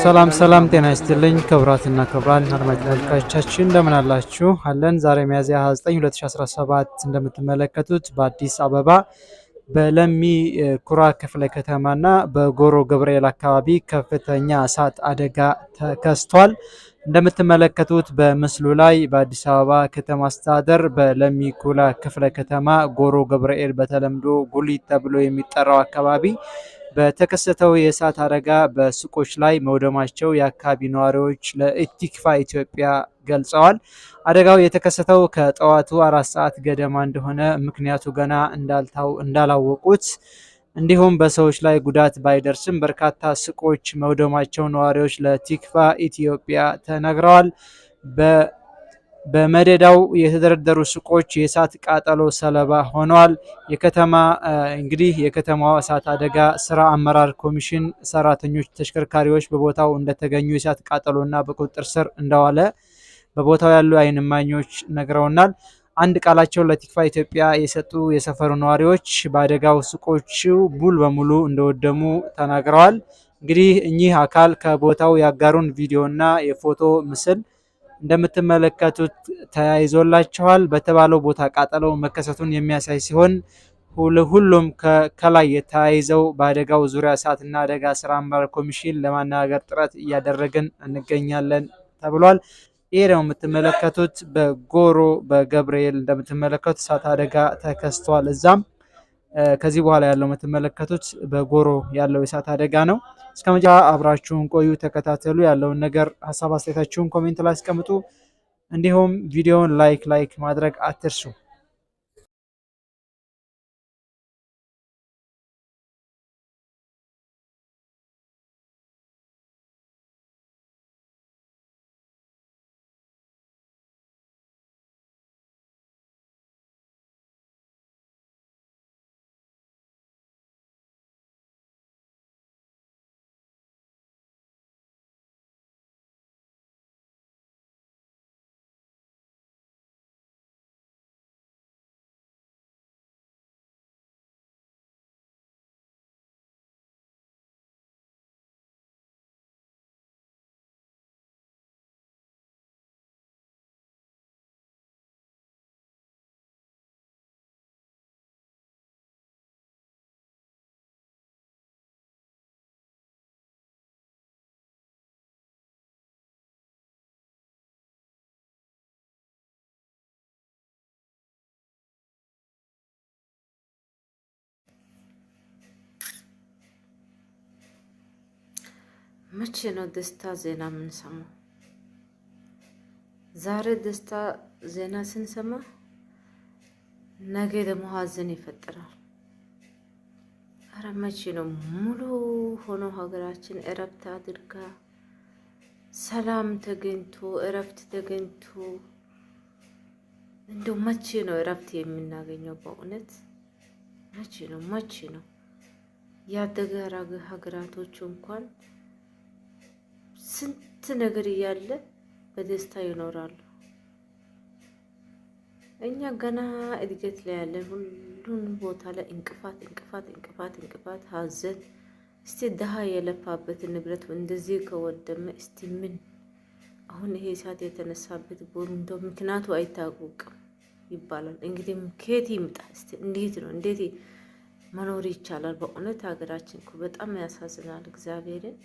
ሰላም ሰላም፣ ጤና ይስጥልኝ ክብራትና ክብራን አድማጭ ተመልካቾቻችን እንደምን አላችሁ? አለን ዛሬ ሚያዝያ 29 2017 እንደምትመለከቱት በአዲስ አበባ በለሚ ኩራ ክፍለ ከተማና በጎሮ ገብርኤል አካባቢ ከፍተኛ እሳት አደጋ ተከስቷል። እንደምትመለከቱት በምስሉ ላይ በአዲስ አበባ ከተማ አስተዳደር በለሚኩላ ክፍለ ከተማ ጎሮ ገብርኤል በተለምዶ ጉሊት ተብሎ የሚጠራው አካባቢ በተከሰተው የእሳት አደጋ በሱቆች ላይ መውደማቸው የአካባቢ ነዋሪዎች ለኢቲክፋ ኢትዮጵያ ገልጸዋል። አደጋው የተከሰተው ከጠዋቱ አራት ሰዓት ገደማ እንደሆነ ምክንያቱ ገና እንዳላወቁት እንዲሁም በሰዎች ላይ ጉዳት ባይደርስም በርካታ ሱቆች መውደማቸው ነዋሪዎች ለቲክፋ ኢትዮጵያ ተናግረዋል። በመደዳው የተደረደሩ ሱቆች የእሳት ቃጠሎ ሰለባ ሆነዋል። የከተማ እንግዲህ የከተማዋ እሳት አደጋ ስራ አመራር ኮሚሽን ሰራተኞች ተሽከርካሪዎች በቦታው እንደተገኙ የእሳት ቃጠሎና በቁጥጥር ስር እንደዋለ በቦታው ያሉ አይን እማኞች ነግረውናል። አንድ ቃላቸውን ለቲክፋ ኢትዮጵያ የሰጡ የሰፈሩ ነዋሪዎች በአደጋው ሱቆቹ ሙሉ በሙሉ እንደወደሙ ተናግረዋል። እንግዲህ እኚህ አካል ከቦታው ያጋሩን ቪዲዮ እና የፎቶ ምስል እንደምትመለከቱት ተያይዞላችኋል። በተባለው ቦታ ቃጠለው መከሰቱን የሚያሳይ ሲሆን ሁሉም ከላይ የተያይዘው በአደጋው ዙሪያ እሳትና አደጋ ስራ አመራር ኮሚሽን ለማነጋገር ጥረት እያደረግን እንገኛለን ተብሏል። ይህ ነው የምትመለከቱት። በጎሮ በገብርኤል እንደምትመለከቱት እሳት አደጋ ተከስቷል። እዛም ከዚህ በኋላ ያለው የምትመለከቱት በጎሮ ያለው የእሳት አደጋ ነው። እስከ መጫ አብራችሁን ቆዩ፣ ተከታተሉ። ያለውን ነገር ሀሳብ አስተያየታችሁን ኮሜንት ላይ አስቀምጡ። እንዲሁም ቪዲዮውን ላይክ ላይክ ማድረግ አትርሱ። መቼ ነው ደስታ ዜና የምንሰማው? ዛሬ ደስታ ዜና ስንሰማ ነገ ደግሞ ሀዘን ይፈጠራል። አረ መቼ ነው ሙሉ ሆኖ ሀገራችን እረፍት አድርጋ ሰላም ተገኝቶ እረፍት ተገኝቶ እንደው መቼ ነው እረፍት የምናገኘው? በእውነት መቼ ነው መቼ ነው ያደገ ሀገራቶቹ እንኳን ስንት ነገር እያለ በደስታ ይኖራሉ። እኛ ገና እድገት ላይ ያለን ሁሉን ቦታ ላይ እንቅፋት እንቅፋት እንቅፋት እንቅፋት ሀዘን እስቲ ድሃ የለፋበት ንብረት እንደዚህ ከወደመ እስቲ ምን አሁን ይሄ እሳት የተነሳበት ቦንዶ ምክንያቱ አይታወቅም ይባላል። እንግዲህ ከየት ይምጣ እስቲ እንዴት ነው እንዴት መኖር ይቻላል? በእውነት ሀገራችን እኮ በጣም ያሳዝናል እግዚአብሔርን